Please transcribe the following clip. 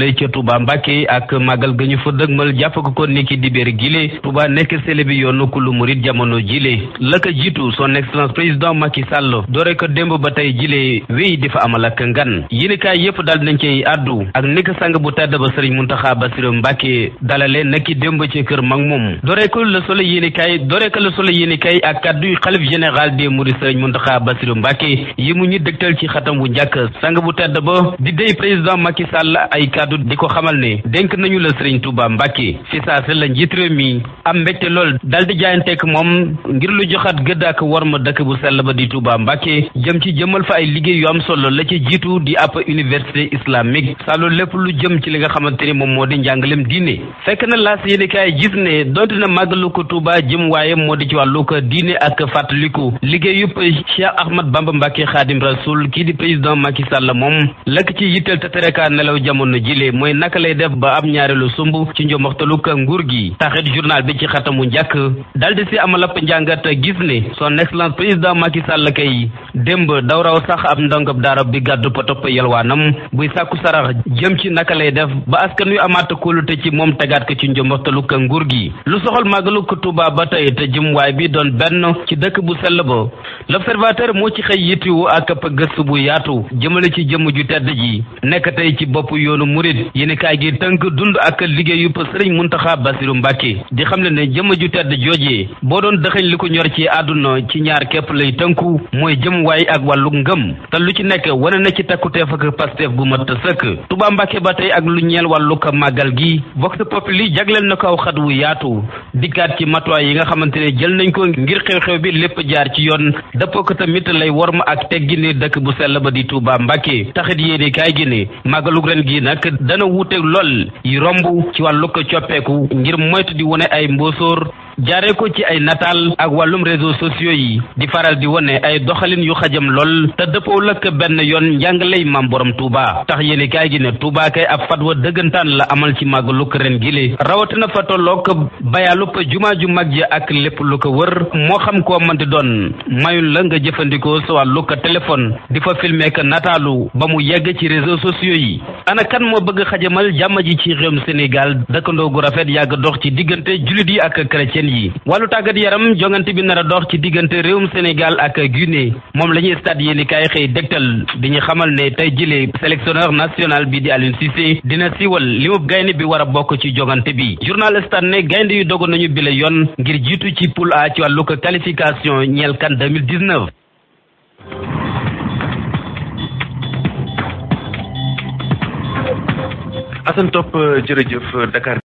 lay ca Touba Mbacke ak màggal ga ñu fa dëgmal jàpp ko kon niki dibéer gile Touba nekk sele bi kulu murit jamono jile la ko jiitu son excellence président Macky Sall doore ko démb ba tey jile wéy di fa amal ak ngan yéenekaay yépp daal dinañ cey àddu ak nekk sang bu tedd ba sëriñ Muntaxa Basiru Mbacke dalale naki démb ci kër mag moom doore ko Le Soleil yéenekaay doore ko Le Soleil yéenekaay ak kàddu xalif général des mourides sëriñ Muntaxa Basiru Mbacke mu ñu dëgtal ci xatam bu bu tedd kaddu di ko xamal ne denk nañu la Serigne Touba Mbacke si saa si la njiit réew mi am mbégte lool dal di jaayanteek moom ngir lu joxaat gëdd ak war ma dëkk bu sell ba di Touba Mbacke jëm ci jëmal fa ay liggéey yu am solo la ci jiitu di ab université islamique salo lépp lu jëm ci li nga xamante ni moom moo di njàngalem diine fekk na laas yéen kaay gis ne donte na màggalu ko Touba jëm waaye moo di ci wàllu ko diine ak fàttaliku liggéey yëpp Cheikh Ahmad Bamba Mbacke Khadim Rasoul kii di président Macky Sall moom lakk ci yitteel lii mooy naka lay def ba am ñaareelu sumb ci njombaxtaluk nguur gi taxit journal bi ci xatamu njàkk dal di si amalap a gis ne son excellence président Macky Sall kay démb daw raw sax ab ndongab daara bi gàddu potop yalwaanam buy sàkku sarax jëm ci naka lay def ba askan wi amaat kóolute ci moom tegaat ko ci njombaxtaluk nguur gi lu soxal màggaluk Tuuba ba tey te jëmuwaay bi doon benn ci dëkk bu sell ba l'observateur moo ci xëy yittiwu ak ëpp gëstu bu yaatu jëmale ci jëmm ju tedd ji nekk tey ci bopp yoonu murit yéen kaay gi tënk dund ak liggéeyu sëriñ Muntaxa Basiru Mbàkke di xam le ne jëmm ju tedd joojee boo doon dëxëñ li ko ñor ci àdduna ci ñaar képp lay tënku mooy jëm waay ak wàllu ngëm te lu ci nekk wane na ci takkuteef ak pasteef bu mat sëkk Tuubaa Mbàkke ba tey ak lu ñeel wàllu màggal gi Vox Populi jagleel na ko aw xat wu yaatu dikkaat ci matuwaay yi nga xamante ne jël nañ ko ngir xew bi lépp jaar ci yoon dëppoo ko tamit lay worma ak teggini dëkk bu sell ba di Touba Mbacke taxit yéene kaay gi ne màggalug ren gi nag dana wuute lool yi romb ci wàllu ko coppeeku ngir moytu di wone ay mbóosóor jaare ko ci ay nataal ak wàllum réseaux sociaux yi di faral di wone ay doxalin yu xajam lool te dëppoo lëkk benn yoon njàngaley maam boroom Touba tax yéeni kaay gi ne Touba kay ab fatwa dëggantaan la amal ci màggaluk ren gile rawatina fa tolloog bayaalub jumaa ju mag ji ak lépp lu ko wër moo xam koo mënti doon mayul la nga jëfandikoo sa wàllu ko téléphone di fa filmer ka nataalu ba mu yegg ci réseaux sociaux yi ana moo bëgg xajamal jàmm ji ci réewum Sénégal yàgg dox ci diggante jullit yi wàllu tàggat yaram jongante bi nar a ci diggante réewum Sénégal ak Guinée moom la ñuy stade yéen i kaay xëy dégtal di ñu xamal ne tey jëlee sélectionneur national bi di Aliou Cissé dina siiwal li mu gaynde bi war a bokk ci jongante bi journal stade ne gaynde yu dogoon nañu bile yoon ngir jiitu ci poule A ci wàllu qualification ñeel kan 2019. Assane Top jërëjëf Dakar